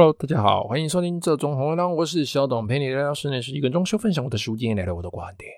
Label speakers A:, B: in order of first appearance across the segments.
A: Hello，大家好，歡迎收聽這《這中紅》啊，我是小董，陪你聊聊室內設計跟裝修，分享我的書，今天聊聊我的觀點。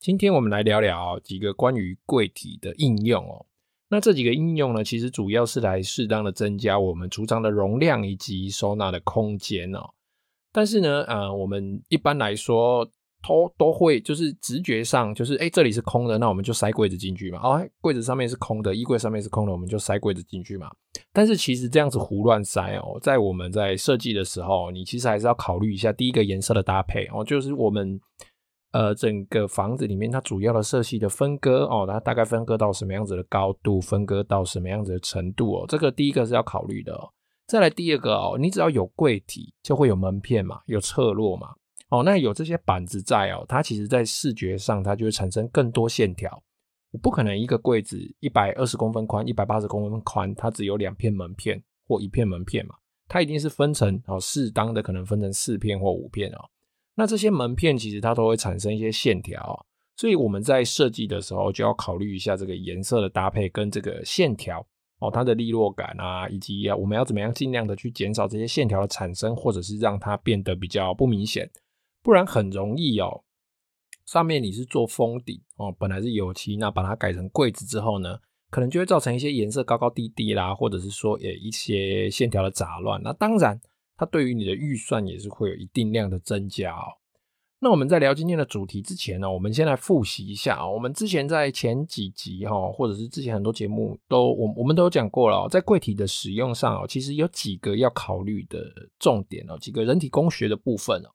A: 今天我們來聊聊幾個關於櫃體的應用哦。那這幾個應用呢，其實主要是來適當的增加我們儲藏的容量以及收納的空間哦。但是呢，呃，我們一般來說。都都會，就是直覺上就是哎，欸，這裡是空的，那我們就塞櫃子進去嘛。哦，櫃子上面是空的，衣櫃上面是空的，我們就塞櫃子進去嘛。但是其實這樣子胡亂塞哦，在我們在設計的時候，你其實還是要考慮一下第一個顏色的搭配哦，就是我們呃整個房子裡面它主要的色系的分割哦，它大概分割到什麼樣子的高度，分割到什麼樣子的程度哦，這個第一個是要考慮的哦。再來第二個哦，你只要有櫃體就會有門片嘛，有側落嘛。哦，那有這些板子在哦，它其實在視覺上它就會產生更多線條。我不可能一個櫃子一百二十公分寬、一百八十公分寬，它只有兩片門片或一片門片嘛。它一定是分成哦，適當的可能分成四片或五片哦。那這些門片其實它都會產生一些線條哦，所以我們在設計的時候就要考慮一下這個顏色的搭配跟這個線條哦，它的利落感啊，以及我們要怎麼樣盡量的去減少這些線條的產生，或者是讓它變得比較不明顯。不然很容易哦。上面你是做封底哦，本來是油漆，那把它改成櫃子之後呢，可能就會造成一些顏色高高低低啦，或者是說也一些線條的雜亂。那當然，它對於你的預算也是會有一定量的增加哦。那我們在聊今天的主題之前呢、哦，我們先來複習一下哦，我們之前在前幾集哈、哦，或者是之前很多節目都我我們都有講過了、哦，在櫃體的使用上哦，其實有幾個要考慮的重點哦，幾個人體工學的部分哦。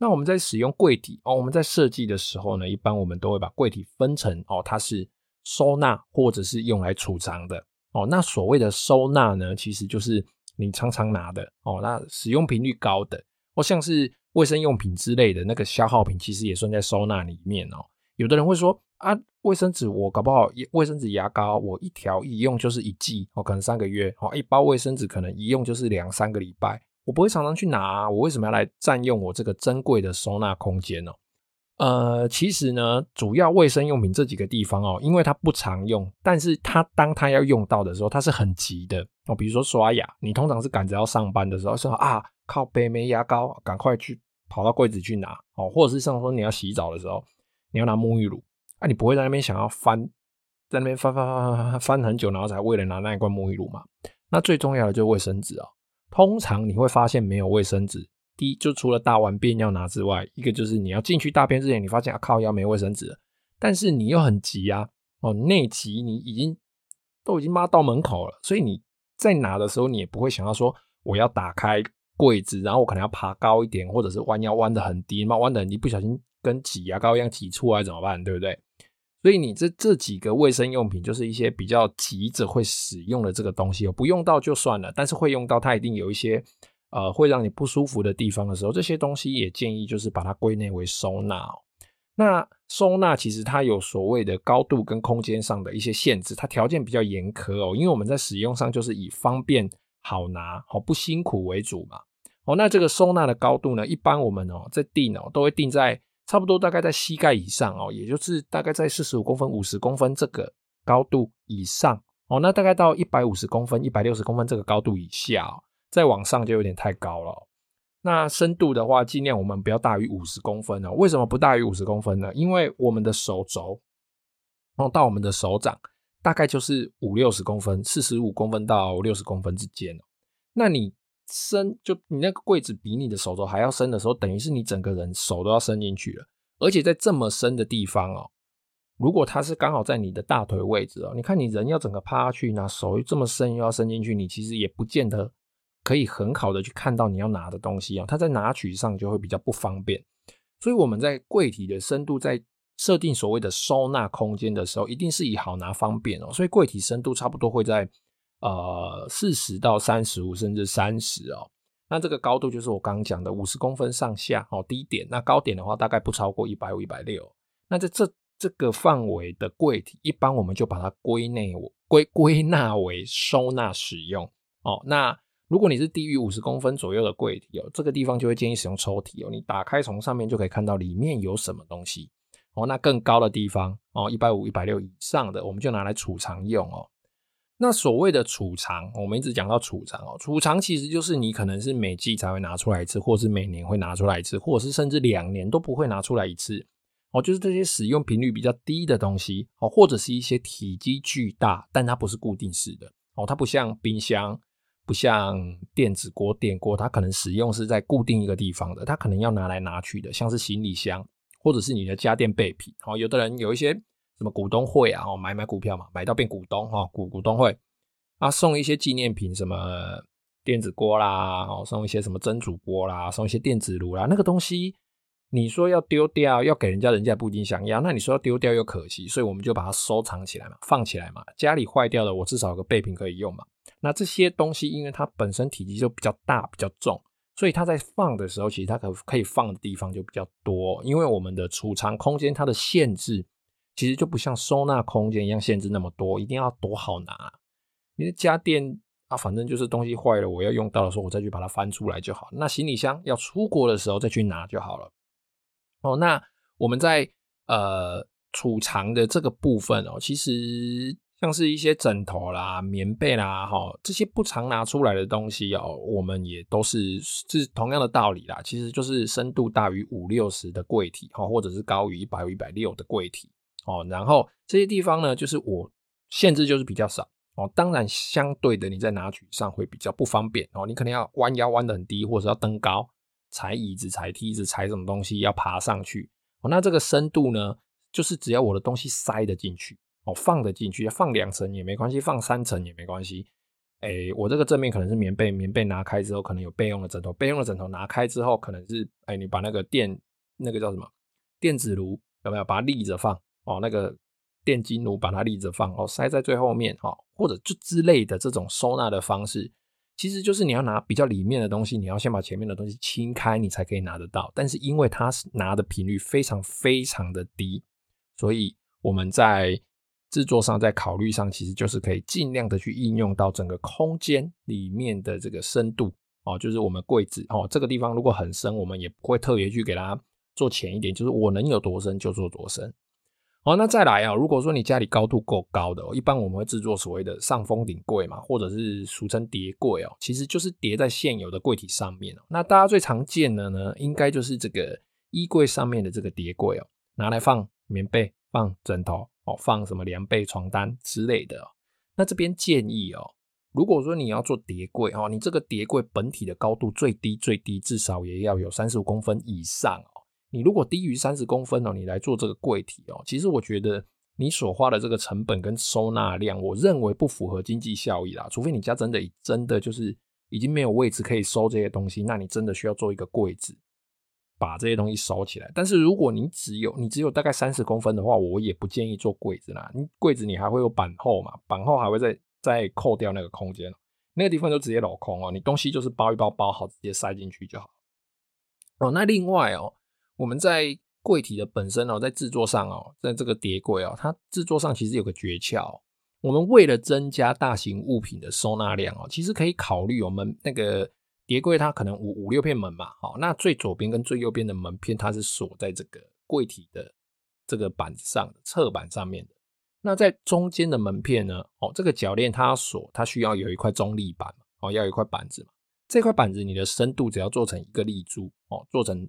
A: 那我們在使用櫃體哦，我們在設計的時候呢，一般我們都會把櫃體分成哦，它是收納或者是用來儲藏的哦。那所謂的收納呢，其實就是你常常拿的哦。那使用頻率高的，或、哦、像是衛生用品之類的那個消耗品，其實也算在收納裡面哦。有的人會說啊，衛生紙我搞不好，衛生紙、牙膏我一條一用就是一季，哦，可能三個月哦，一包衛生紙可能一用就是兩三個禮拜。我不會常常去拿，啊，我為什麼要來占用我這個珍貴的收納空間呢，喔？呃，其實呢，主要衛生用品這幾個地方哦、喔，因為它不常用，但是它當它要用到的時候，它是很急的哦、喔。比如說刷牙，你通常是趕着要上班的時候說啊，靠杯沒牙膏，趕快去跑到櫃子去拿哦、喔，或者是像說你要洗澡的時候，你要拿沐浴乳，啊，你不會在那邊想要翻，在那邊翻翻翻翻翻翻很久，然後才為了拿那一罐沐浴乳嘛？那最重要的就是衛生紙哦、喔。通常你會發現沒有衛生紙，第一就除了大完便要拿之外，一個就是你要進去大便之前，你發現啊靠，要沒衛生紙了，但是你又很急啊，哦，內急你已經都已經抹到門口了，所以你在拿的時候，你也不會想要說我要打開櫃子，然後我可能要爬高一點，或者是彎腰彎的很低，彎的很低，不小心跟擠牙、啊、膏一樣擠出來怎麼辦，對不對？所以你這這幾個衛生用品，就是一些比較急着會使用的這個東西哦，不用到就算了。但是會用到，它一定有一些呃會讓你不舒服的地方的時候，這些東西也建議就是把它歸類為收納哦。那收納其實它有所謂的高度跟空間上的一些限制，它條件比較嚴苛哦，因為我們在使用上就是以方便好拿、好不辛苦為主嘛。哦，那這個收納的高度呢，一般我們哦在定哦，都會定在。差不多大概在膝蓋以上哦，也就是大概在四十五公分、五十公分這個高度以上哦。那大概到一百五十公分、一百六十公分這個高度以下哦，再往上就有點太高了哦。那深度的話，儘量我們不要大於五十公分了哦。為什麼不大於五十公分呢？因為我們的手肘，然後，哦，到我們的手掌，大概就是五六十公分，四十五公分到六十公分之間。那你。深，就你那個櫃子比你的手肘還要深的時候，等於是你整個人手都要伸進去了，而且在這麼深的地方哦、喔，如果它是剛好在你的大腿位置哦、喔，你看你人要整個趴下去拿，手又這麼深又要伸進去，你其實也不見得可以很好的去看到你要拿的東西、喔、它在拿取上就會比較不方便。所以我們在櫃體的深度在設定所謂的收納空間的時候，一定是以好拿方便哦、喔，所以櫃體深度差不多會在。呃，四十到三十五，甚至三十哦。那這個高度就是我剛剛講的五十公分上下哦，低點。那高點的話，大概不超過一百五、一百六。那在這這個範圍的櫃體，一般我們就把它歸內歸歸納為收納使用哦。那如果你是低於五十公分左右的櫃體哦，這個地方就會建議使用抽屜哦。你打開從上面就可以看到裡面有什麼東西哦。那更高的地方哦，一百五、一百六以上的，我們就拿來儲藏用哦。那所謂的儲藏，我們一直講到儲藏哦，儲藏其實就是你可能是每季才會拿出來一次，或者是每年會拿出來一次，或者是甚至兩年都不會拿出來一次哦，就是這些使用頻率比較低的東西哦，或者是一些體積巨大，但它不是固定式的哦，它不像冰箱，不像電子鍋電鍋，它可能使用是在固定一個地方的，它可能要拿來拿去的，像是行李箱，或者是你的家電備品哦，有的人有一些。什麼股東會啊，買買股票嘛，買到變股東哈，股股東會啊，送一些紀念品，什麼電子鍋啦，送一些什麼蒸煮鍋啦，送一些電子爐啦，那個東西你說要丟掉，要給人家，人家不一定想要，那你說要丟掉又可惜，所以我們就把它收藏起來嘛，放起來嘛，家裡壞掉的，我至少有個備品可以用嘛。那這些東西，因為它本身體積就比較大、比較重，所以它在放的時候，其實它可可以放的地方就比較多，因為我們的儲藏空間它的限制。其實就不像收納空間一樣限制那麼多，一定要多好拿。你的家電啊，反正就是東西壞了，我要用到的時候，我再去把它翻出來就好。那行李箱要出國的時候再去拿就好了。哦，那我們在呃儲藏的這個部分哦，其實像是一些枕頭啦、棉被啦，哈、哦，這些不常拿出來的東西哦，我們也都是是同樣的道理啦。其實就是深度大於五六十的櫃體，哈、哦，或者是高於一百五一百六的櫃體。哦，然後這些地方呢，就是我限制就是比較少哦。當然，相對的你在拿取上會比較不方便哦。你可能要彎腰彎得很低，或者要登高、踩椅子、踩梯子、踩什麼東西要爬上去哦。那這個深度呢，就是只要我的東西塞得進去哦，放得進去，放兩層也沒關係，放三層也沒關係。哎，我這個正面可能是棉被，棉被拿開之後可能有備用的枕頭，備用的枕頭拿開之後可能是哎，你把那個電那個叫什麼電子爐有沒有把它立着放？哦，那個電金爐把它立着放，哦，塞在最後面，哦，或者就之類的這種收納的方式，其實就是你要拿比較裡面的東西，你要先把前面的東西清開，你才可以拿得到。但是因為它拿的頻率非常非常的低，所以我們在制作上，在考慮上，其實就是可以儘量的去應用到整個空間裡面的這個深度，哦，就是我們櫃子，哦，這個地方如果很深，我們也不會特別去給它做淺一點，就是我能有多深就做多深。好、哦，那再來啊、哦。如果說你家裡高度夠高的，哦，一般我們會制作所謂的上封頂櫃嘛，或者是俗稱疊櫃哦，其實就是疊在現有的櫃體上面哦。那大家最常見的呢，應該就是這個衣櫃上面的這個疊櫃哦，拿來放棉被、放枕頭哦、放什麼涼被、床單之類的、哦。那這邊建議哦，如果說你要做疊櫃哦，你這個疊櫃本體的高度最低最低至少也要有三十五公分以上、哦。你如果低於三十公分哦，你來做這個櫃體哦，其實我覺得你所花的這個成本跟收納量，我認為不符合經濟效益啦。除非你家真的真的就是已經沒有位置可以收這些東西，那你真的需要做一個櫃子，把這些東西收起來。但是如果你只有你只有大概三十公分的話，我也不建議做櫃子啦。你櫃子你還會有板厚嘛，板厚還會再再扣掉那個空間，那個地方就直接鏤空哦。你東西就是包一包包好，直接塞進去就好。哦，那另外哦。我們在櫃體的本身哦、喔，在制作上哦、喔，在這個疊櫃哦，它制作上其實有個訣竅。我們為了增加大型物品的收納量哦、喔，其實可以考慮我們那個疊櫃，它可能五五六片門嘛。好，那最左邊跟最右邊的門片它是鎖在這個櫃體的這個板子上的側板上面的。那在中間的門片呢？哦，這個鉸鏈它鎖，它需要有一塊中立板嘛？哦，要有一塊板子。這塊板子你的深度只要做成一個立柱哦，做成。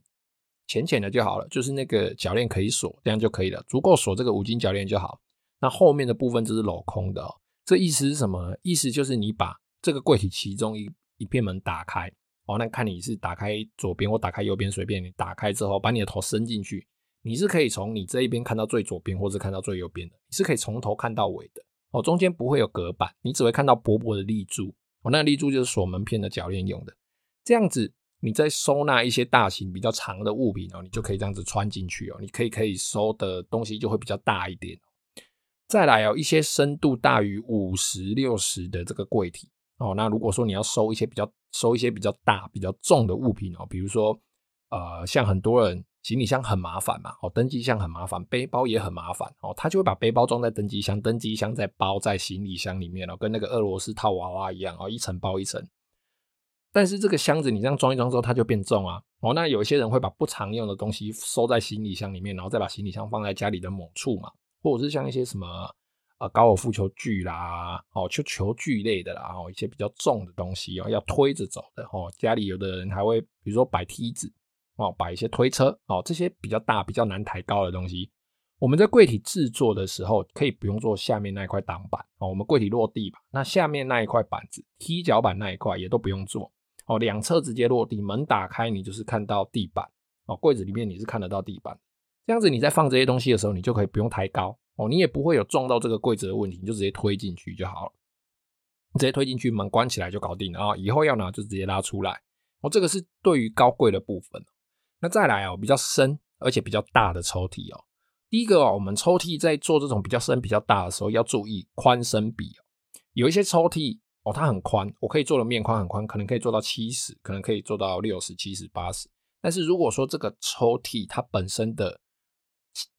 A: 淺淺的就好了，就是那個鉸鏈可以鎖，這樣就可以了，足夠鎖這個五金鉸鏈就好。那後面的部分就是鏤空的哦，這意思是什麼呢？意思就是你把這個櫃體其中一一片門打開，哦，那看你是打開左邊或打開右邊隨便，你打開之後，把你的頭伸進去，你是可以從你這一邊看到最左邊，或是看到最右邊的，你是可以從頭看到尾的，哦，中間不會有隔板，你只會看到薄薄的立柱，哦，那立柱就是鎖門片的鉸鏈用的，這樣子。你在收納一些大型比較長的物品哦，你就可以這樣子穿進去哦。你可以可以收的東西就會比較大一點哦。再來哦，一些深度大於五十六十的這個櫃體哦，那如果說你要收一些比較收一些比較大比較重的物品哦，比如說呃，像很多人行李箱很麻煩嘛，哦，登機箱很麻煩，背包也很麻煩哦，他就會把背包裝在登機箱，登機箱再包在行李箱裡面哦，跟那個俄羅斯套娃娃一樣哦，一層包一層。但是這個箱子你這樣裝一裝之後，它就變重啊。哦，那有一些人會把不常用的東西收在行李箱裡面，然後再把行李箱放在家裡的某處嘛。或者是像一些什麼啊，高爾夫球具啦，哦，球球具類的啦，哦，一些比較重的東西哦，要推着走的。哦，家裡有的人還會比如說擺梯子哦，擺一些推車哦，這些比較大、比較難抬高的東西，我們在櫃體製作的時候可以不用做下面那一塊擋板哦。我們櫃體落地吧，那下面那一塊板子踢腳板那一塊也都不用做。哦，兩側直接落地，門打開，你就是看到地板哦。櫃子裡面你是看得到地板，這樣子你在放這些東西的時候，你就可以不用抬高哦，你也不會有撞到這個櫃子的問題，你就直接推進去就好了。直接推進去，門關起來就搞定了啊。哦，以後要拿就直接拉出來。哦，這個是對於高櫃的部分。那再來哦，比較深而且比較大的抽屜哦。第一個哦，我們抽屜在做這種比較深比較大的時候，要注意寬深比哦。有一些抽屜。哦，它很寬，我可以做的面寬很寬，可能可以做到七十，可能可以做到六十七十八十。但是如果說這個抽屜它本身的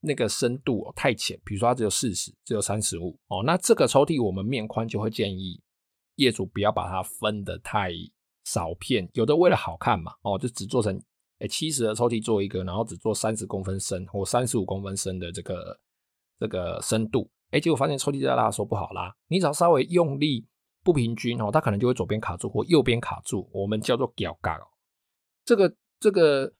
A: 那個深度太淺，比如說它只有四十，只有三十五，哦，那這個抽屜我們面寬就會建議業主不要把它分得太少片，有的為了好看嘛，哦，就只做成哎七十的抽屜做一個，然後只做三十公分深或三十五公分深的這個這個深度，哎，結果發現抽屜在拉的時候不好拉，你只要稍微用力，不平均哦，它可能就會左邊卡住或右邊卡住，我們叫做表杆。這個這個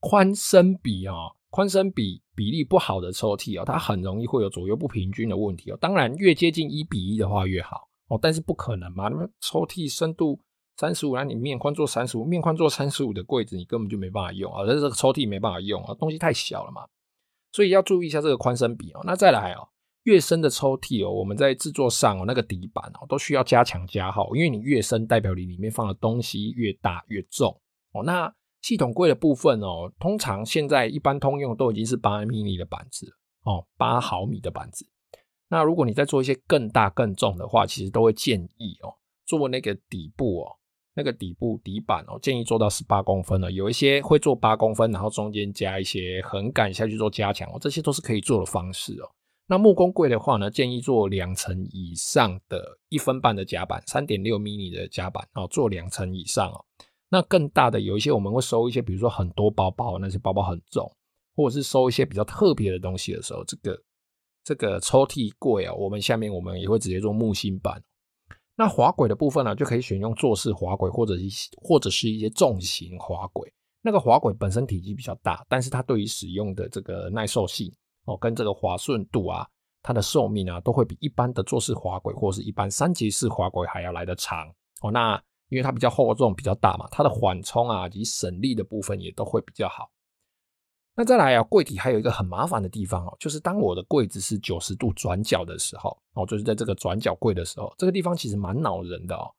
A: 寬深比啊，寬深比比例不好的抽屜啊，它很容易會有左右不平均的問題哦。當然越接近一比一的話越好哦，但是不可能嘛？那麼抽屜深度三十五，那你面寬做三十五，面寬做三十五的櫃子，你根本就沒辦法用啊！但是這個抽屜沒辦法用啊，東西太小了嘛。所以要注意一下這個寬深比哦。那再來哦。越深的抽屜哦，我們在製作上哦，那個底板哦，都需要加強加厚，因為你越深，代表你裡面放的東西越大越重哦。那系統櫃的部分哦，通常現在一般通用都已經是八毫米的板子哦，八毫米的板子。那如果你再做一些更大更重的話，其實都會建議哦，做那個底部哦，那個底部底板哦，建議做到十八公分哦，有一些會做八公分，然後中間加一些橫杆下去做加強哦，這些都是可以做的方式哦。那木工櫃的話呢，建議做兩層以上的一分半的夾板，三點六毫米的夾板哦，做兩層以上哦。那更大的有一些，我們會收一些，比如說很多包包，那些包包很重，或者是收一些比較特別的東西的時候，這個這個抽屜櫃啊，我們下面我們也會直接做木芯板。那滑軌的部分呢，就可以選用坐式滑軌，或者是或者是一些重型滑軌。那個滑軌本身體積比較大，但是它對於使用的這個耐受性。哦，跟這個滑順度啊，它的壽命啊，都會比一般的座式滑軌或者是一般三節式滑軌還要來得長哦。那因為它比較厚重比較大嘛，它的緩衝啊及省力的部分也都會比較好。那再來啊，櫃體還有一個很麻煩的地方哦、啊，就是當我的櫃子是九十度轉角的時候，哦，就是在這個轉角櫃的時候，這個地方其實蠻惱人的哦。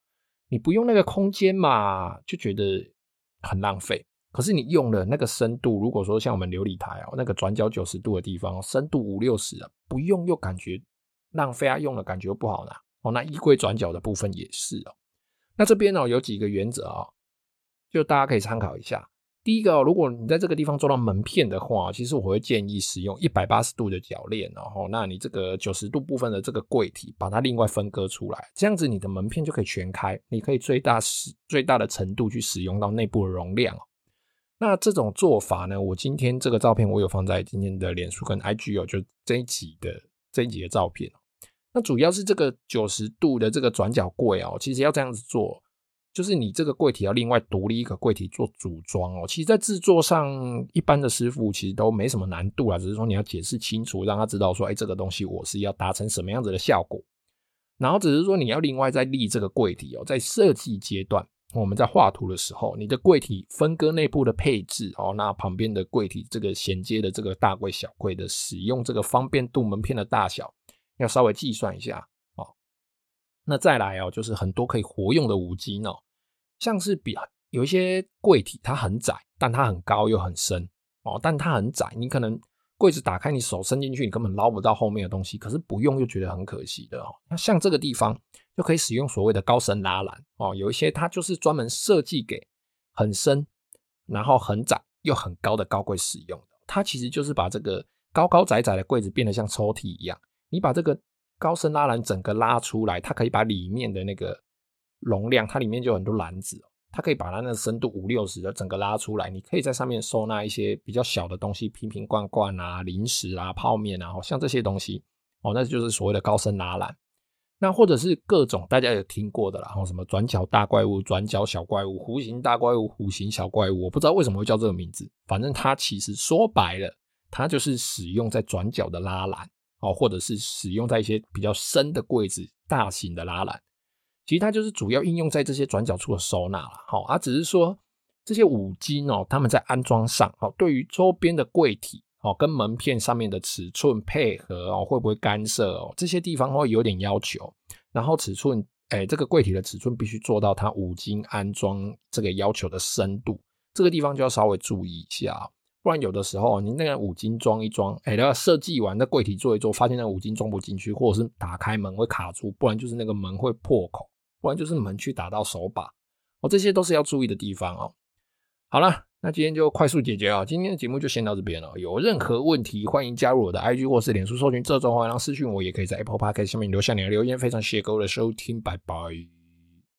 A: 你不用那個空間嘛，就覺得很浪費。可是你用的那個深度，如果說像我們流理台哦、喔，那個轉角九十度的地方，深度五六十啊，不用又感覺浪費啊，用了感覺又不好拿哦、喔，那衣櫃轉角的部分也是哦、喔。那這邊呢、喔、有幾個原則啊、喔，就大家可以參考一下。第一個、喔，如果你在這個地方做到門片的話，其實我會建議使用一百八十度的鉸鏈、喔，然後那你這個九十度部分的這個櫃體，把它另外分割出來，這樣子你的門片就可以全開，你可以最大使最大的程度去使用到內部的容量哦、喔。那這種做法呢，我今天這個照片我有放在今天的臉書跟 IG 哦，就這一集的這一集的照片。那主要是這個九十度的這個轉角櫃哦，其實要這樣子做，就是你這個櫃體要另外獨立一個櫃體做組裝哦。其實，在制作上，一般的師傅其實都沒什麼難度啦，只是說你要解釋清楚，讓他知道說，哎，這個東西我是要達成什麼樣子的效果。然後，只是說你要另外再立這個櫃體哦，在設計階段。我們在畫圖的時候，你的櫃體分割內部的配置哦，那旁邊的櫃體這個銜接的這個大櫃小櫃的使用，這個方便度、門片的大小要稍微計算一下哦。那再來哦，就是很多可以活用的五金哦，像是比有一些櫃體它很窄，但它很高又很深哦，但它很窄，你可能櫃子打開，你手伸進去，你根本撈不到後面的東西，可是不用又覺得很可惜的哦。那像這個地方。就可以使用所謂的高深拉籃哦，有一些它就是專門設計給很深、然後很窄又很高的高櫃使用的。它其實就是把這個高高窄窄的櫃子變得像抽屜一樣。你把這個高深拉籃整個拉出來，它可以把裡面的那個容量，它裡面就有很多籃子，它可以把它那個深度五六十的整個拉出來。你可以在上面收納一些比較小的東西，瓶瓶罐罐啊、零食啊、泡面啊、哦，像這些東西哦，那就是所謂的高深拉籃。那或者是各種大家有聽過的啦，然後什麼轉角大怪物、轉角小怪物、弧形大怪物、弧形小怪物，我不知道為什麼會叫這個名字，反正它其實說白了，它就是使用在轉角的拉籃哦，或者是使用在一些比較深的櫃子、大型的拉籃，其實它就是主要應用在這些轉角處的收納了。好，而只是說這些五金哦，他們在安裝上哦，對於周邊的櫃體。哦，跟門片上面的尺寸配合哦，會不會干涉哦？這些地方會有點要求。然後尺寸，哎、欸，這個櫃體的尺寸必須做到它五金安裝這個要求的深度，這個地方就要稍微注意一下，哦，不然有的時候你那個五金裝一裝，哎、欸，要設計完那櫃體做一做，發現那五金裝不進去，或者是打開門會卡住，不然就是那個門會破口，不然就是門去打到手把，哦，這些都是要注意的地方哦。好了。那今天就快速解決啊！今天的節目就先到這邊了。有任何問題，歡迎加入我的 IG 或是臉書社群，這邊歡迎私訊我，也可以在 Apple Podcast 下面留下你的留言。非常謝謝各位的收聽，拜拜。